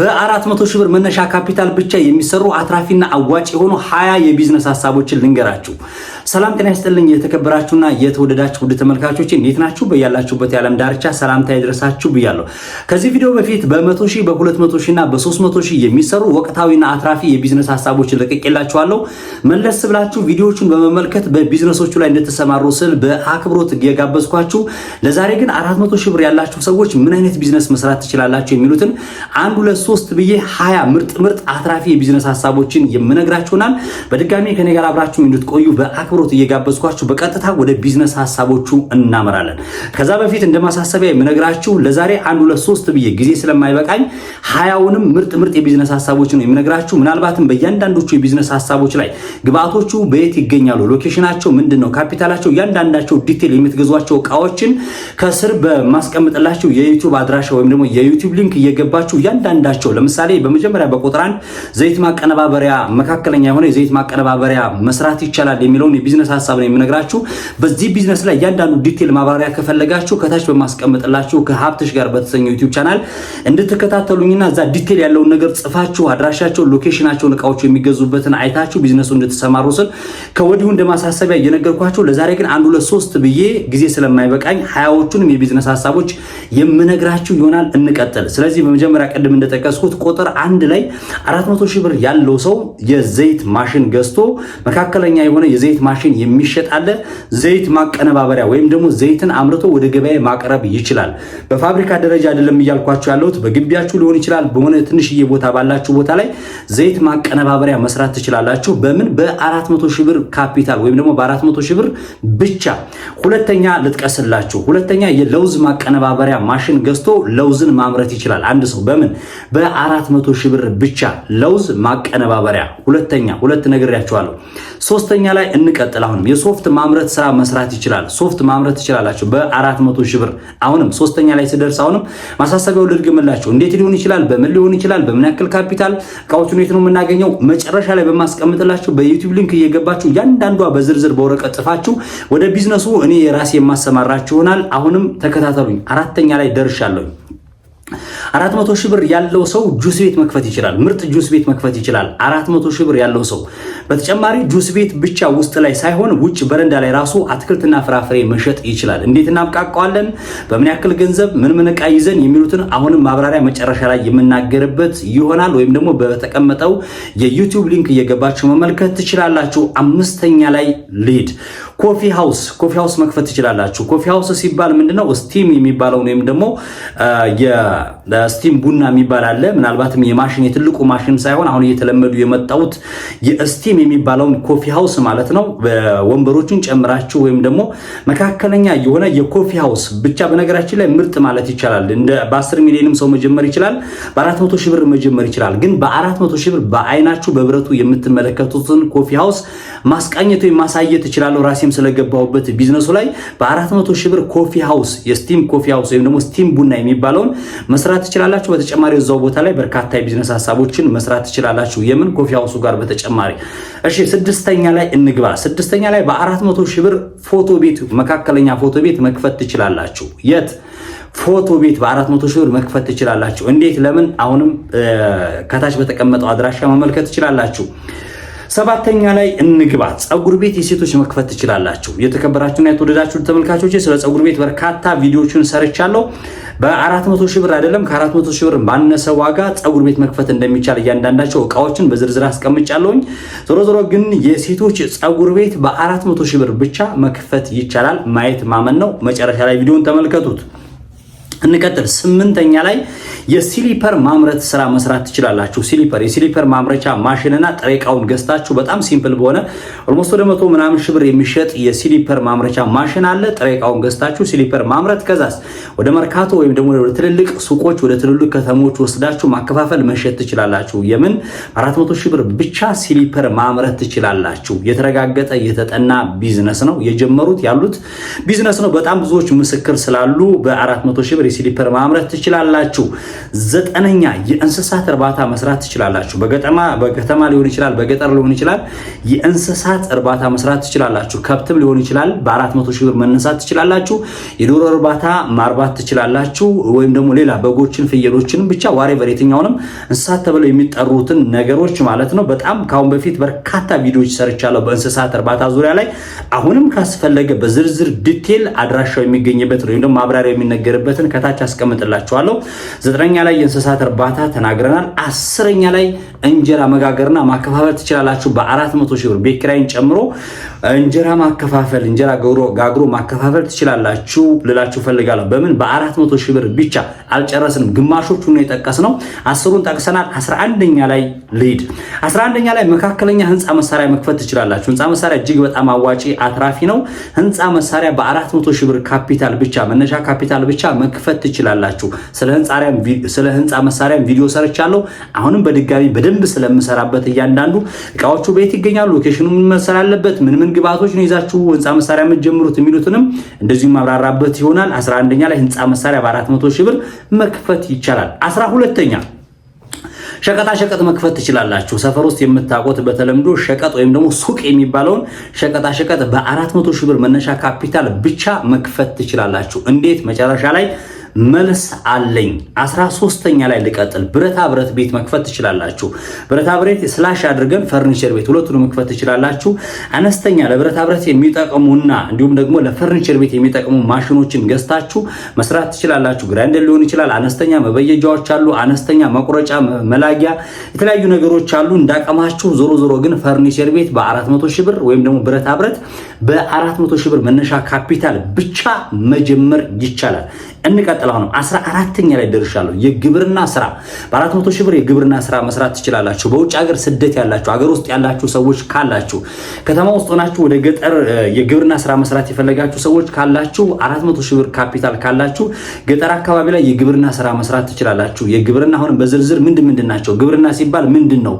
በአራት መቶ ሺህ ብር መነሻ ካፒታል ብቻ የሚሰሩ አትራፊና አዋጭ የሆኑ ሀያ የቢዝነስ ሀሳቦችን ልንገራችሁ። ሰላም ጤና ይስጥልኝ። የተከበራችሁና የተወደዳችሁ ውድ ተመልካቾች እንዴት ናችሁ? በያላችሁበት የዓለም ዳርቻ ሰላምታ ይድረሳችሁ ብያለሁ። ከዚህ ቪዲዮ በፊት በመቶ ሺህ በሁለት መቶ ሺህ እና በ ሺህ የሚሰሩ ወቅታዊና አትራፊ የቢዝነስ ሀሳቦችን ለቅቄላችኋለሁ። መለስ ብላችሁ ቪዲዮዎቹን በመመልከት በቢዝነሶቹ ላይ እንደተሰማሩ ስል በአክብሮት የጋበዝኳችሁ። ለዛሬ ግን መቶ ሺህ ብር ያላችሁ ሰዎች ምን አይነት ቢዝነስ መስራት ትችላላችሁ የሚሉትን አንዱ ለሱ ሶስት ብዬ ሀያ ምርጥ ምርጥ አትራፊ የቢዝነስ ሀሳቦችን የምነግራችሁናል። በድጋሚ ከኔ ጋር አብራችሁ እንድትቆዩ በአክብሮት እየጋበዝኳችሁ በቀጥታ ወደ ቢዝነስ ሀሳቦቹ እናመራለን። ከዛ በፊት እንደማሳሰቢያ የምነግራችሁ ለዛሬ አንድ ሁለት ሶስት ብዬ ጊዜ ስለማይበቃኝ ሀያውንም ምርጥ ምርጥ የቢዝነስ ሀሳቦች ነው የምነግራችሁ። ምናልባትም በእያንዳንዶቹ የቢዝነስ ሀሳቦች ላይ ግብአቶቹ በየት ይገኛሉ፣ ሎኬሽናቸው ምንድን ነው፣ ካፒታላቸው፣ እያንዳንዳቸው ዲቴል የምትገዟቸው እቃዎችን ከስር በማስቀምጥላቸው የዩቱብ አድራሻ ወይም ደግሞ የዩቱብ ሊንክ እየገባችሁ እያንዳንዳ ያላቸው ለምሳሌ በመጀመሪያ በቁጥር አንድ ዘይት ማቀነባበሪያ መካከለኛ የሆነ የዘይት ማቀነባበሪያ መስራት ይቻላል የሚለውን የቢዝነስ ሀሳብ ነው የምነግራችሁ። በዚህ ቢዝነስ ላይ እያንዳንዱ ዲቴል ማብራሪያ ከፈለጋችሁ ከታች በማስቀመጥላችሁ ከሀብትሽ ጋር በተሰኘው ዩቲዩብ ቻናል እንድትከታተሉኝና እዛ ዲቴል ያለውን ነገር ጽፋችሁ አድራሻቸውን፣ ሎኬሽናቸውን፣ እቃዎቹ የሚገዙበትን አይታችሁ ቢዝነሱ እንድትሰማሩ ስል ከወዲሁ እንደማሳሰቢያ እየነገርኳችሁ ለዛሬ ግን አንድ ሁለት ሶስት ብዬ ጊዜ ስለማይበቃኝ ሀያዎቹንም የቢዝነስ ሀሳቦች የምነግራችሁ ይሆናል። እንቀጥል። ስለዚህ በመጀመሪያ ቅድም እንደጠ በጠቀስኩት ቁጥር አንድ ላይ 400 ሺህ ብር ያለው ሰው የዘይት ማሽን ገዝቶ መካከለኛ የሆነ የዘይት ማሽን የሚሸጥ አለ። ዘይት ማቀነባበሪያ ወይም ደግሞ ዘይትን አምርቶ ወደ ገበያ ማቅረብ ይችላል። በፋብሪካ ደረጃ አይደለም እያልኳችሁ ያለሁት በግቢያችሁ ሊሆን ይችላል። በሆነ ትንሽዬ ቦታ ባላችሁ ቦታ ላይ ዘይት ማቀነባበሪያ መስራት ትችላላችሁ። በምን በ400 ሺህ ብር ካፒታል ወይም ደግሞ በ400 ሺህ ብር ብቻ። ሁለተኛ ልጥቀስላችሁ፣ ሁለተኛ የለውዝ ማቀነባበሪያ ማሽን ገዝቶ ለውዝን ማምረት ይችላል አንድ ሰው በምን በ400 ሺህ ብር ብቻ ለውዝ ማቀነባበሪያ። ሁለተኛ ሁለት ነግሬያችኋለሁ። ሶስተኛ ላይ እንቀጥል። አሁንም የሶፍት ማምረት ስራ መስራት ይችላል። ሶፍት ማምረት ትችላላችሁ በ400 ሺህ ብር። አሁንም ሶስተኛ ላይ ስደርስ አሁንም ማሳሰቢያው ልድግምላችሁ። እንዴት ሊሆን ይችላል? በምን ሊሆን ይችላል? በምን ያክል ካፒታል? እቃዎቹ የት ነው የምናገኘው? መጨረሻ ላይ በማስቀምጥላችሁ በዩቲዩብ ሊንክ እየገባችሁ እያንዳንዷ በዝርዝር በወረቀት ጽፋችሁ ወደ ቢዝነሱ እኔ የራሴ የማሰማራችሁ ይሆናል። አሁንም ተከታተሉኝ። አራተኛ ላይ ደርሻለሁኝ። አራት መቶ ሺህ ብር ያለው ሰው ጁስ ቤት መክፈት ይችላል። ምርጥ ጁስ ቤት መክፈት ይችላል። አራት መቶ ሺህ ብር ያለው ሰው በተጨማሪ ጁስ ቤት ብቻ ውስጥ ላይ ሳይሆን ውጭ በረንዳ ላይ ራሱ አትክልትና ፍራፍሬ መሸጥ ይችላል። እንዴት እናብቃቀዋለን? በምን ያክል ገንዘብ ምን ምን እቃ ይዘን የሚሉትን አሁንም ማብራሪያ መጨረሻ ላይ የምናገርበት ይሆናል። ወይም ደግሞ በተቀመጠው የዩቲዩብ ሊንክ እየገባችሁ መመልከት ትችላላችሁ። አምስተኛ ላይ ሊድ ኮፊ ሃውስ ኮፊ ሃውስ መክፈት ትችላላችሁ። ኮፊ ሃውስ ሲባል ምንድነው? ስቲም የሚባለውን ወይም ደግሞ ስቲም ቡና የሚባል አለ። ምናልባትም የማሽን የትልቁ ማሽን ሳይሆን አሁን እየተለመዱ የመጣውት የስቲም የሚባለውን ኮፊ ሃውስ ማለት ነው። ወንበሮችን ጨምራችሁ ወይም ደግሞ መካከለኛ የሆነ የኮፊ ሃውስ ብቻ በነገራችን ላይ ምርጥ ማለት ይቻላል። እንደ በ10 ሚሊዮንም ሰው መጀመር ይችላል። በ400 ሺህ ብር መጀመር ይችላል። ግን በ400 ሺህ ብር በአይናችሁ በብረቱ የምትመለከቱትን ኮፊ ሃውስ ማስቃኘት ወይም ማሳየት እችላለሁ። ራሴም ስለገባሁበት ቢዝነሱ ላይ በ400 ሺህ ብር ኮፊ ሃውስ የስቲም ኮፊ ሀውስ ወይም ደግሞ ስቲም ቡና የሚባለውን መስራት ትችላላችሁ። በተጨማሪ እዛው ቦታ ላይ በርካታ የቢዝነስ ሀሳቦችን መስራት ትችላላችሁ። የምን ኮፊ ሀውሱ ጋር በተጨማሪ እሺ፣ ስድስተኛ ላይ እንግባ። ስድስተኛ ላይ በአራት መቶ ሺህ ብር ፎቶ ቤት መካከለኛ ፎቶ ቤት መክፈት ትችላላችሁ። የት ፎቶ ቤት በአራት መቶ ሺህ ብር መክፈት ትችላላችሁ። እንዴት? ለምን? አሁንም ከታች በተቀመጠው አድራሻ መመልከት ትችላላችሁ። ሰባተኛ ላይ እንግባ። ጸጉር ቤት የሴቶች መክፈት ትችላላችሁ። የተከበራችሁና የተወደዳችሁ ተመልካቾች ስለ ጸጉር ቤት በርካታ ቪዲዮዎችን ሰርቻለሁ። በ400 ሺህ ብር አይደለም ከ400 ሺህ ብር ባነሰ ዋጋ ጸጉር ቤት መክፈት እንደሚቻል እያንዳንዳቸው እቃዎችን በዝርዝር አስቀምጫለሁኝ። ዞሮ ዞሮ ግን የሴቶች ጸጉር ቤት በ400 ሺህ ብር ብቻ መክፈት ይቻላል። ማየት ማመን ነው። መጨረሻ ላይ ቪዲዮን ተመልከቱት። እንቀጥል። ስምንተኛ ላይ የሲሊፐር ማምረት ስራ መስራት ትችላላችሁ። ሲሊፐር የሲሊፐር ማምረቻ ማሽንና ጥሬ እቃውን ገዝታችሁ በጣም ሲምፕል በሆነ ኦልሞስት ወደ መቶ ምናምን ሺህ ብር የሚሸጥ የሲሊፐር ማምረቻ ማሽን አለ። ጥሬ እቃውን ገዝታችሁ ሲሊፐር ማምረት ከዛስ ወደ መርካቶ ወይም ደግሞ ወደ ትልልቅ ሱቆች፣ ወደ ትልልቅ ከተሞች ወስዳችሁ ማከፋፈል መሸጥ ትችላላችሁ። የምን 400 ሺህ ብር ብቻ ሲሊፐር ማምረት ትችላላችሁ። የተረጋገጠ የተጠና ቢዝነስ ነው። የጀመሩት ያሉት ቢዝነስ ነው። በጣም ብዙዎች ምስክር ስላሉ በ400 ሺህ ብር ስሊፐር ማምረት ትችላላችሁ። ዘጠነኛ የእንስሳት እርባታ መስራት ትችላላችሁ። በከተማ ሊሆን ይችላል፣ በገጠር ሊሆን ይችላል። የእንስሳት እርባታ መስራት ትችላላችሁ። ከብትም ሊሆን ይችላል። በ በ400 ሺህ ብር መነሳት ትችላላችሁ። የዶሮ እርባታ ማርባት ትችላላችሁ። ወይም ደግሞ ሌላ በጎችን፣ ፍየሎችን ብቻ ዋሬቨር የትኛውንም እንስሳት ተብለው የሚጠሩትን ነገሮች ማለት ነው። በጣም ከአሁን በፊት በርካታ ቪዲዮዎች ሰርቻለሁ በእንስሳት እርባታ ዙሪያ ላይ። አሁንም ካስፈለገ በዝርዝር ዲቴል አድራሻው የሚገኝበት ወይም ደግሞ ማብራሪያ የሚነገርበትን ከታች አስቀምጥላችኋለሁ። ዘጠነኛ ላይ የእንስሳት እርባታ ተናግረናል። አስረኛ ላይ እንጀራ መጋገርና ማከፋፈል ትችላላችሁ በአራት መቶ ሺህ ብር ቤት ኪራይን ጨምሮ እንጀራ ማከፋፈል እንጀራ ጋግሮ ማከፋፈል ትችላላችሁ ልላችሁ ፈልጋለሁ። በምን በአራት መቶ ሺህ ብር ብቻ አልጨረስንም። ግማሾቹ ነው የጠቀስነው። አስሩን ጠቅሰናል። አስራ አንደኛ ላይ ልሂድ። አስራ አንደኛ ላይ መካከለኛ ህንፃ መሳሪያ መክፈት ትችላላችሁ። ህንፃ መሳሪያ እጅግ በጣም አዋጪ አትራፊ ነው። ህንፃ መሳሪያ በአራት መቶ ሺህ ብር ካፒታል ብቻ መነሻ ካፒታል ብቻ መክፈት መክፈት ትችላላችሁ። ስለ ህንፃ መሳሪያም ቪዲዮ ሰርቻለሁ። አሁንም በድጋሚ በደንብ ስለምሰራበት እያንዳንዱ እቃዎቹ ቤት ይገኛሉ፣ ሎኬሽኑ ምን መሰል አለበት፣ ምን ምን ግብአቶች ነው ይዛችሁ ህንፃ መሳሪያ የምትጀምሩት የሚሉትንም እንደዚሁ ማብራራበት ይሆናል። 11ኛ ላይ ህንፃ መሳሪያ በ400 ሺህ ብር መክፈት ይቻላል። 12ኛ ሸቀጣ ሸቀጥ መክፈት ትችላላችሁ። ሰፈር ውስጥ የምታውቁት በተለምዶ ሸቀጥ ወይም ደግሞ ሱቅ የሚባለውን ሸቀጣ ሸቀጥ በ400 ሺህ ብር መነሻ ካፒታል ብቻ መክፈት ትችላላችሁ። እንዴት መጨረሻ ላይ መልስ አለኝ። አስራ ሶስተኛ ላይ ልቀጥል። ብረታ ብረት ቤት መክፈት ትችላላችሁ። ብረታ ብረት ስላሽ አድርገን ፈርኒቸር ቤት ሁለቱን መክፈት ትችላላችሁ። አነስተኛ ለብረታ ብረት የሚጠቅሙና እንዲሁም ደግሞ ለፈርኒቸር ቤት የሚጠቅሙ ማሽኖችን ገዝታችሁ መስራት ትችላላችሁ። ግራይንደር ሊሆን ይችላል። አነስተኛ መበየጃዎች አሉ። አነስተኛ መቁረጫ፣ መላጊያ፣ የተለያዩ ነገሮች አሉ እንዳቀማችሁ። ዞሮ ዞሮ ግን ፈርኒቸር ቤት በ400 ሺህ ብር ወይም ደግሞ ብረታ ብረት በ400 ሺህ ብር መነሻ ካፒታል ብቻ መጀመር ይቻላል። እንቀጥል። አሁንም አስራ አራተኛ ላይ ደርሻለሁ። የግብርና ስራ በአራት መቶ ሺህ ብር የግብርና ስራ መስራት ትችላላችሁ። በውጭ ሀገር ስደት ያላችሁ ሀገር ውስጥ ያላችሁ ሰዎች ካላችሁ ከተማ ውስጥ ሆናችሁ ወደ ገጠር የግብርና ስራ መስራት የፈለጋችሁ ሰዎች ካላችሁ አራት መቶ ሺህ ብር ካፒታል ካላችሁ ገጠር አካባቢ ላይ የግብርና ስራ መስራት ትችላላችሁ። የግብርና አሁንም በዝርዝር ምንድን ምንድን ናቸው ግብርና ሲባል ምንድን ነው?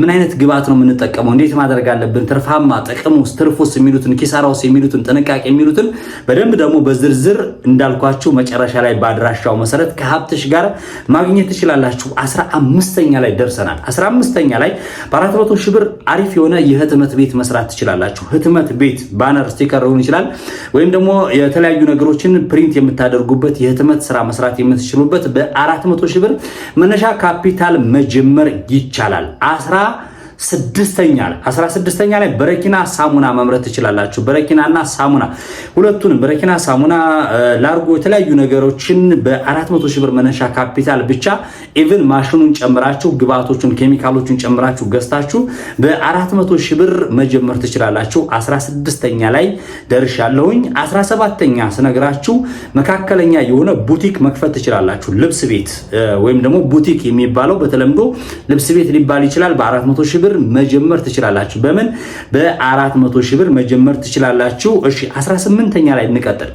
ምን አይነት ግብዓት ነው የምንጠቀመው? እንዴት ማድረግ አለብን? ትርፋማ ጥቅሙስ፣ ትርፉስ የሚሉትን ኪሳራውስ የሚሉትን ጥንቃቄ የሚሉትን በደንብ ደግሞ በዝርዝር እንዳልኳችሁ መጨ መጨረሻ ላይ በአድራሻው መሰረት ከሀብትሽ ጋር ማግኘት ትችላላችሁ። አስራ አምስተኛ ላይ ደርሰናል። አስራ አምስተኛ ላይ በአራት መቶ ሺህ ብር አሪፍ የሆነ የህትመት ቤት መስራት ትችላላችሁ። ህትመት ቤት ባነር፣ ስቲከር ሊሆን ይችላል ወይም ደግሞ የተለያዩ ነገሮችን ፕሪንት የምታደርጉበት የህትመት ስራ መስራት የምትችሉበት በአራት መቶ ሺህ ብር መነሻ ካፒታል መጀመር ይቻላል። አስራ ስድስተኛ ላይ 16ኛ ላይ በረኪና ሳሙና መምረት ትችላላችሁ። በረኪናና ሳሙና ሁለቱንም በረኪና ሳሙና፣ ላርጎ የተለያዩ ነገሮችን በ400 ሺህ ብር መነሻ ካፒታል ብቻ ኢቭን ማሽኑን ጨምራችሁ ግብአቶቹን ኬሚካሎቹን ጨምራችሁ ገዝታችሁ በ400 ሺህ ብር መጀመር ትችላላችሁ። 16ኛ ላይ ደርሻለሁኝ። 17ኛ ስነግራችሁ መካከለኛ የሆነ ቡቲክ መክፈት ትችላላችሁ። ልብስ ቤት ወይም ደግሞ ቡቲክ የሚባለው በተለምዶ ልብስ ቤት ሊባል ይችላል በ400 ሺህ ብር መጀመር ትችላላችሁ። በምን በአራት መቶ ሺህ ብር መጀመር ትችላላችሁ። እሺ 18ኛ ላይ እንቀጥል።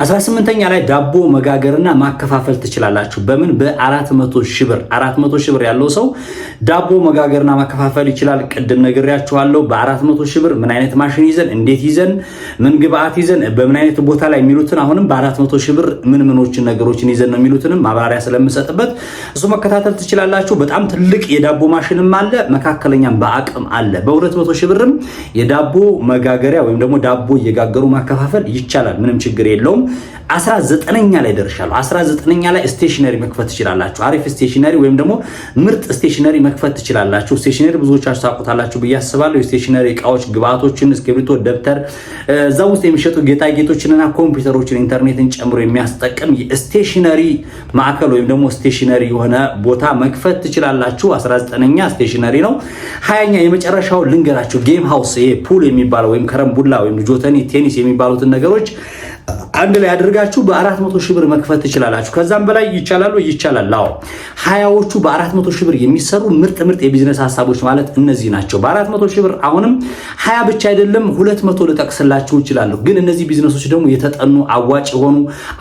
18ኛ ላይ ዳቦ መጋገርና ማከፋፈል ትችላላችሁ። በምን በ400 ሺህ ብር 400 ሺህ ብር ያለው ሰው ዳቦ መጋገርና ማከፋፈል ይችላል። ቅድም ነግሬያችኋለሁ። በ400 ሺህ ብር ምን አይነት ማሽን ይዘን እንዴት ይዘን ምን ግብአት ይዘን በምን አይነት ቦታ ላይ የሚሉትን አሁንም በ400 ሺህ ብር ምን ምኖችን ነገሮችን ይዘን ነው የሚሉትንም ማብራሪያ ስለምሰጥበት እሱ መከታተል ትችላላችሁ። በጣም ትልቅ የዳቦ ማሽንም አለ፣ መካከለኛም በአቅም አለ። በ200 ሺህ ብርም የዳቦ መጋገሪያ ወይም ደግሞ ዳቦ እየጋገሩ ማከፋፈል ይቻላል። ምንም ችግር የለውም። አስራ ዘጠነኛ ላይ ደርሻለሁ። አስራ ዘጠነኛ ላይ ስቴሽነሪ መክፈት ትችላላችሁ። አሪፍ ስቴሽነሪ ወይም ደግሞ ምርጥ ስቴሽነሪ መክፈት ትችላላችሁ። ስቴሽነሪ ብዙዎቻችሁ ታውቁታላችሁ ብዬ አስባለሁ። የስቴሽነሪ እቃዎች፣ ግብአቶችን፣ እስክሪብቶ፣ ደብተር እዛ ውስጥ የሚሸጡ ጌጣጌጦችንና ኮምፒውተሮችን ኢንተርኔትን ጨምሮ የሚያስጠቅም የስቴሽነሪ ማዕከል ወይም ደግሞ ስቴሽነሪ የሆነ ቦታ መክፈት ትችላላችሁ። 19ኛ ስቴሽነሪ ነው። ሀያኛ የመጨረሻው ልንገራችሁ ጌም ሃውስ ይሄ ፑል የሚባለው ወይም ከረምቡላ ወይም ጆተኒ ቴኒስ የሚባሉትን ነገሮች አንድ ላይ አድርጋችሁ በአራት መቶ ሺህ ብር መክፈት ትችላላችሁ። ከዛም በላይ ይቻላል ወይ? ይቻላል። አዎ ሀያዎቹ በአራት መቶ ሺህ ብር የሚሰሩ ምርጥ ምርጥ የቢዝነስ ሀሳቦች ማለት እነዚህ ናቸው። በአራት መቶ ሺህ ብር አሁንም ሀያ ብቻ አይደለም ሁለት መቶ ልጠቅስላችሁ እችላለሁ። ግን እነዚህ ቢዝነሶች ደግሞ የተጠኑ አዋጭ የሆኑ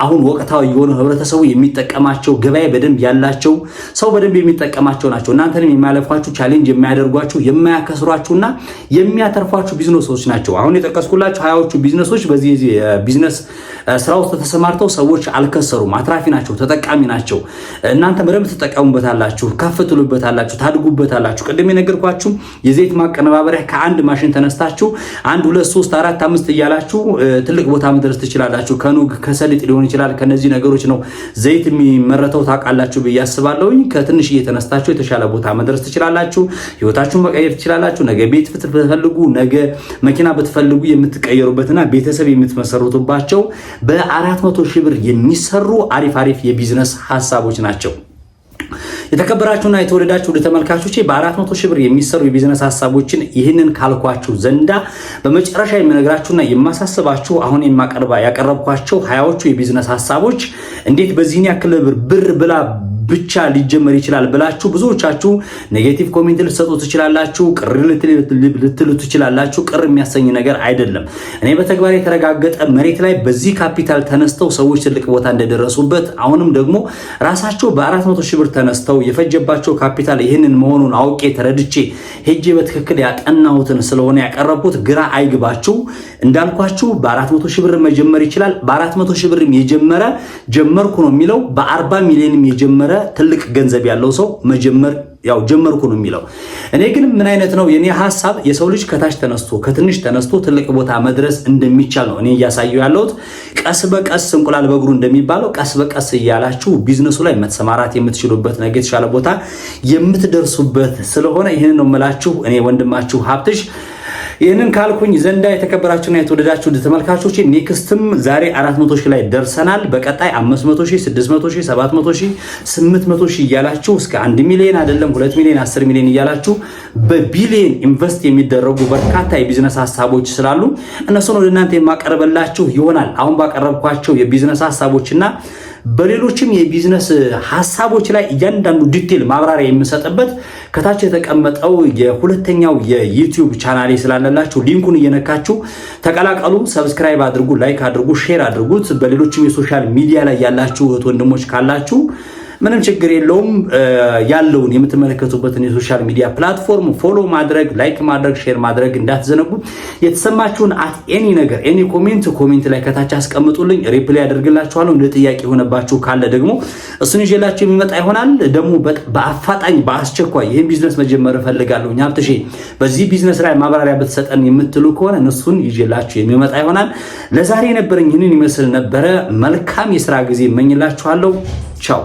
አሁን ወቅታዊ የሆኑ ህብረተሰቡ የሚጠቀማቸው ገበያ በደንብ ያላቸው ሰው በደንብ የሚጠቀማቸው ናቸው። እናንተንም የሚያለፏችሁ ቻሌንጅ የሚያደርጓችሁ የማያከስሯችሁና የሚያተርፏችሁ ቢዝነሶች ናቸው። አሁን የጠቀስኩላችሁ ሀያዎቹ ቢዝነሶች በዚህ ቢዝነስ ስራ ውስጥ ተሰማርተው ሰዎች አልከሰሩም፣ አትራፊ ናቸው፣ ተጠቃሚ ናቸው። እናንተ በደንብ ትጠቀሙበታላችሁ፣ ከፍ ትሉበታላችሁ፣ ታድጉበታላችሁ። ቅድም የነገርኳችሁ የዘይት ማቀነባበሪያ ከአንድ ማሽን ተነስታችሁ አንድ ሁለት ሶስት አራት አምስት እያላችሁ ትልቅ ቦታ መድረስ ትችላላችሁ። ከኑግ ከሰሊጥ ሊሆን ይችላል። ከነዚህ ነገሮች ነው ዘይት የሚመረተው ታውቃላችሁ ብዬ አስባለሁኝ። ከትንሽ እየተነስታችሁ የተሻለ ቦታ መድረስ ትችላላችሁ። ህይወታችሁን መቀየር ትችላላችሁ። ነገ ቤት ብትፈልጉ፣ ነገ መኪና ብትፈልጉ የምትቀየሩበትና ቤተሰብ የምትመሰርቱባቸው በአራት መቶ ሺህ ብር የሚሰሩ አሪፍ አሪፍ የቢዝነስ ሀሳቦች ናቸው። የተከበራችሁና የተወደዳችሁ ወደ ተመልካቾቼ በ400 ሺህ ብር የሚሰሩ የቢዝነስ ሀሳቦችን ይህንን ካልኳችሁ ዘንዳ በመጨረሻ የምነግራችሁና የማሳስባችሁ አሁን የማቀርባ ያቀረብኳቸው ሀያዎቹ የቢዝነስ ሀሳቦች እንዴት በዚህን ያክል ብር ብላ ብቻ ሊጀመር ይችላል ብላችሁ ብዙዎቻችሁ ኔጌቲቭ ኮሜንት ልትሰጡ ትችላላችሁ፣ ቅር ልትሉ ትችላላችሁ። ቅር የሚያሰኝ ነገር አይደለም። እኔ በተግባር የተረጋገጠ መሬት ላይ በዚህ ካፒታል ተነስተው ሰዎች ትልቅ ቦታ እንደደረሱበት አሁንም ደግሞ ራሳቸው በ400 ሺህ ብር ተነስተው የፈጀባቸው ካፒታል ይህንን መሆኑን አውቄ ተረድቼ ሄጄ በትክክል ያጠናሁትን ስለሆነ ያቀረብኩት ግራ አይግባችሁ። እንዳልኳችሁ በ400 ሺህ ብር መጀመር ይችላል። በ400 ሺህ ብርም የጀመረ ጀመርኩ ነው የሚለው በ40 ሚሊዮንም የጀመረ ትልቅ ገንዘብ ያለው ሰው መጀመር ያው ጀመርኩ ነው የሚለው። እኔ ግን ምን አይነት ነው የኔ ሐሳብ፣ የሰው ልጅ ከታች ተነስቶ ከትንሽ ተነስቶ ትልቅ ቦታ መድረስ እንደሚቻል ነው እኔ እያሳየው ያለሁት። ቀስ በቀስ እንቁላል በእግሩ እንደሚባለው ቀስ በቀስ እያላችሁ ቢዝነሱ ላይ መሰማራት የምትችሉበት ነገ የተሻለ ቦታ የምትደርሱበት ስለሆነ ይህን ነው የምላችሁ እኔ ወንድማችሁ ሀብትሽ ይህንን ካልኩኝ ዘንዳ የተከበራችሁና የተወደዳችሁ ተመልካቾች ኔክስትም ዛሬ 400 ሺህ ላይ ደርሰናል። በቀጣይ 500 ሺህ፣ 600 ሺህ፣ 700 ሺህ፣ 800 ሺህ እያላችሁ እስከ 1 ሚሊዮን አይደለም 2 ሚሊዮን፣ 10 ሚሊዮን እያላችሁ በቢሊዮን ኢንቨስት የሚደረጉ በርካታ የቢዝነስ ሀሳቦች ስላሉ እነሱን ወደ እናንተ የማቀርበላችሁ ይሆናል። አሁን ባቀረብኳቸው የቢዝነስ ሀሳቦችና በሌሎችም የቢዝነስ ሀሳቦች ላይ እያንዳንዱ ዲቴል ማብራሪያ የምሰጥበት ከታች የተቀመጠው የሁለተኛው የዩቲዩብ ቻናሌ ስላለላችሁ ሊንኩን እየነካችሁ ተቀላቀሉ። ሰብስክራይብ አድርጉ፣ ላይክ አድርጉ፣ ሼር አድርጉት። በሌሎችም የሶሻል ሚዲያ ላይ ያላችሁ እህት ወንድሞች ካላችሁ ምንም ችግር የለውም። ያለውን የምትመለከቱበትን የሶሻል ሚዲያ ፕላትፎርም ፎሎ ማድረግ፣ ላይክ ማድረግ፣ ሼር ማድረግ እንዳትዘነጉ። የተሰማችሁን አት ኤኒ ነገር ኤኒ ኮሜንት ኮሜንት ላይ ከታች አስቀምጡልኝ፣ ሪፕላይ ያደርግላችኋለሁ። እንደ ጥያቄ የሆነባችሁ ካለ ደግሞ እሱን ይዤላችሁ የሚመጣ ይሆናል። ደግሞ በአፋጣኝ በአስቸኳይ ይህን ቢዝነስ መጀመር እፈልጋለሁ ሀብትሽ በዚህ ቢዝነስ ላይ ማብራሪያ ብትሰጠን የምትሉ ከሆነ እነሱን ይዤላችሁ የሚመጣ ይሆናል። ለዛሬ የነበረኝ ይህንን ይመስል ነበረ። መልካም የስራ ጊዜ እመኝላችኋለሁ። ቻው